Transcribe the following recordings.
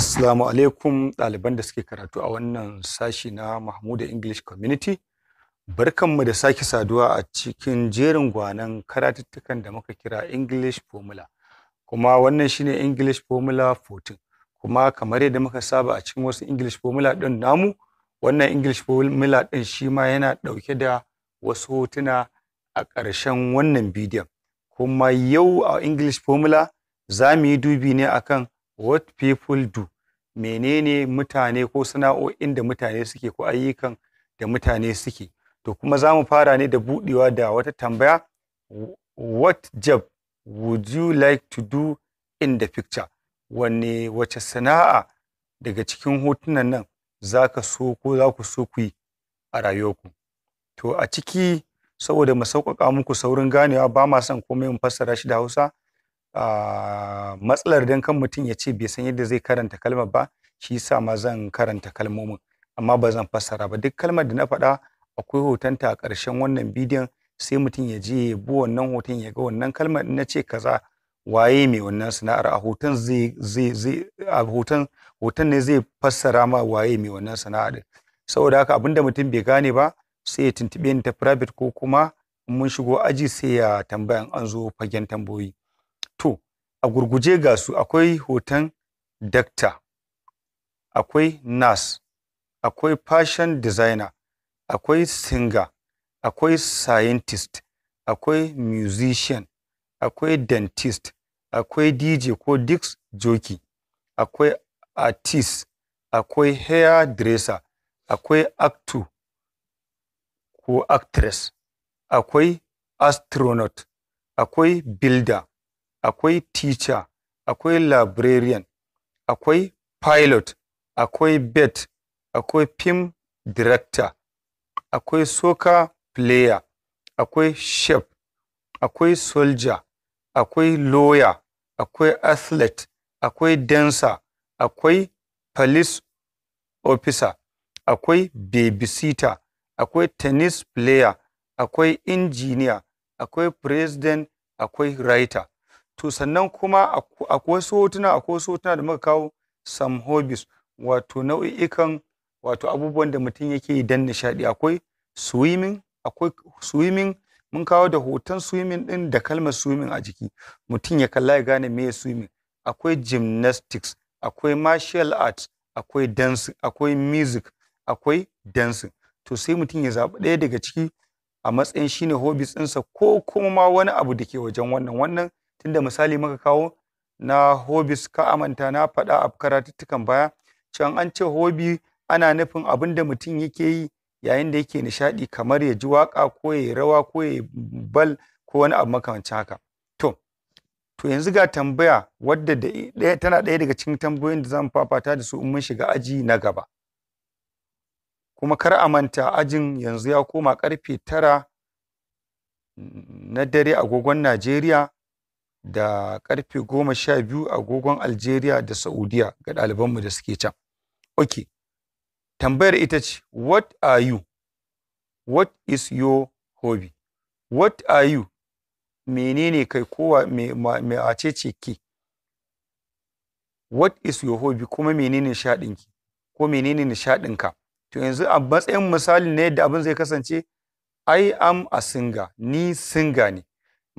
Assalamu alaikum ɗaliban da suke karatu a wannan sashi na Mahmuda English Community. Barkanmu da sake saduwa a cikin jerin gwanan karatuttukan da muka kira English Formula. Kuma wannan shine English Formula 14. Kuma kamar yadda muka saba a cikin wasu English Formula ɗin namu, wannan English Formula ɗin shi ma yana ɗauke da wasu hotuna a ƙarshen wannan bidiyon. Kuma yau a English Formula za mu yi dubi ne akan what people do menene mutane ko sana'o'in da mutane suke ko ayyukan da mutane suke to kuma za mu fara ne da budewa da wata tambaya what job would you like to do in the picture wanne wace sana'a daga cikin hotunan nan za ka so ko za ku so ku yi a rayuwarku to a ciki saboda mu sauƙaƙa muku saurin ganewa ba ma son komai mu fassara shi da hausa matsalar don kan mutum ya ce bai san yadda zai karanta kalmar ba shi sa ma zan karanta kalmomin amma ba zan fassara ba duk kalmar da na faɗa akwai hotonta a ƙarshen wannan bidiyon sai mutum ya je ya bi wannan hoton ya ga wannan kalmar na ce kaza waye mai wannan sana'ar a hoton zai a hoton hoton ne zai fassara ma waye mai wannan sana'ar din saboda haka abinda mutum bai gane ba sai ya tuntube ni ta private ko kuma mun shigo aji sai ya tambaya an zo fagen tambayoyi a gurguje ga su akwai hoton dakta akwai nas akwai fashion designer akwai singer akwai scientist akwai musician akwai dentist akwai dj ko dix joki akwai artist akwai hairdresser akwai actor ko actress akwai astronaut akwai builder akwai teacher, akwai librarian, akwai pilot, akwai bet, akwai film director, akwai soccer player, akwai chef, akwai soldier, akwai lawyer, akwai athlete, akwai dancer, akwai police officer, akwai babysitter, akwai tennis player, akwai engineer, akwai president, akwai writer. to sannan kuma akwai wasu hotuna akwai wasu hotuna da muka kawo sam hobbies wato nau'i'ikan wato abubuwan da mutum yake yi dan nishaɗi akwai swimming akwai swimming mun kawo da hoton swimming din da kalmar swimming a jiki mutum ya kalla ya gane me swimming akwai gymnastics akwai martial arts akwai dancing akwai music akwai dancing to sai mutum ya zaɓi ɗaya daga ciki a matsayin shine hobbies ɗinsa ko kuma ma wani abu da ke wajen wannan wannan tunda misali muka kawo na hobbies ka amanta na faɗa a karatuttukan baya can an ce hobi ana nufin abin da mutum yake yi yayin da yake nishaɗi kamar ya ji waƙa ko ya rawa ko ya bal ko wani abu makamancin haka to to yanzu ga tambaya wadda ɗaya tana ɗaya daga cikin tambayoyin da zan fafata da su in mun shiga aji na gaba kuma kar a manta ajin yanzu ya koma karfe tara na dare agogon Najeriya da karfe goma sha biyu agogon Algeria da Saudiya ga ɗalibanmu da suke can. Ok, tambayar ita ce, what are you? What is your hobby? What are you? Menene kai kowa mai a ce ki? What is your hobby kuma menene nishaɗinki? Ko menene nishaɗinka? To yanzu a matsayin misali na yadda abin zai kasance, I am a singer, ni singa ne.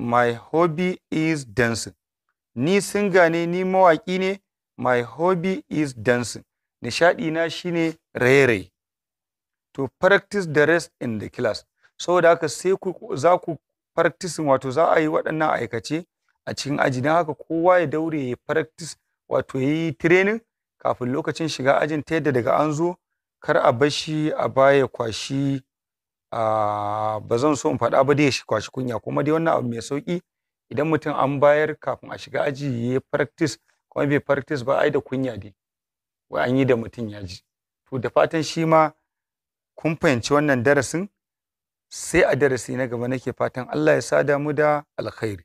My hobby is dancing. Ni singa ne, ni mawaƙi ne, my hobby is dancing. nishaɗi na shine raye-raye. To practice the rest in the class. Saboda haka sai ku za ku practice wato za a yi waɗannan aikace a cikin aji na haka kowa ya daure ya practice wato ya yi training kafin lokacin shiga ajin ta yadda daga an zo kar a bashi a baya kwashi Ah, ba zan so in faɗa ba dai ya kwashi kunya kuma dai wannan abu mai sauƙi. idan mutum an bayar kafin a shiga aji ya yi practice kuma bai practice ba ai da kunya dai wai an yi da mutum ya ji to da fatan shi ma kun fahimci wannan darasin sai a darasi na gaba nake fatan Allah ya sa damu da alkhairi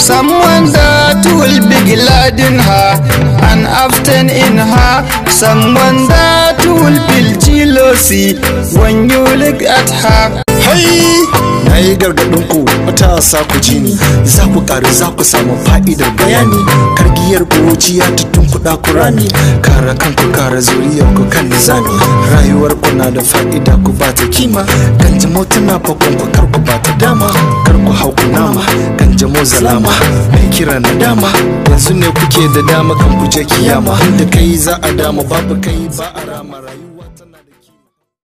Someone that will be glad in her and often in her. Someone that will feel jealousy when you look at her. Hey! Na yi gargaɗinku sa ku ji ni, za ku karu za ku samu fa'idar bayani, kargiyar goci ya tutun kuɗa ku rani, kara kanku kara zuriya ku kan nizami, rayuwar ku na da fa'ida ku ba ta kima, ganjin motuna kun ku salama mai kira na dama yanzu ne kuke da dama kan kuje kiyama da kai za a dama babu kai ba a rama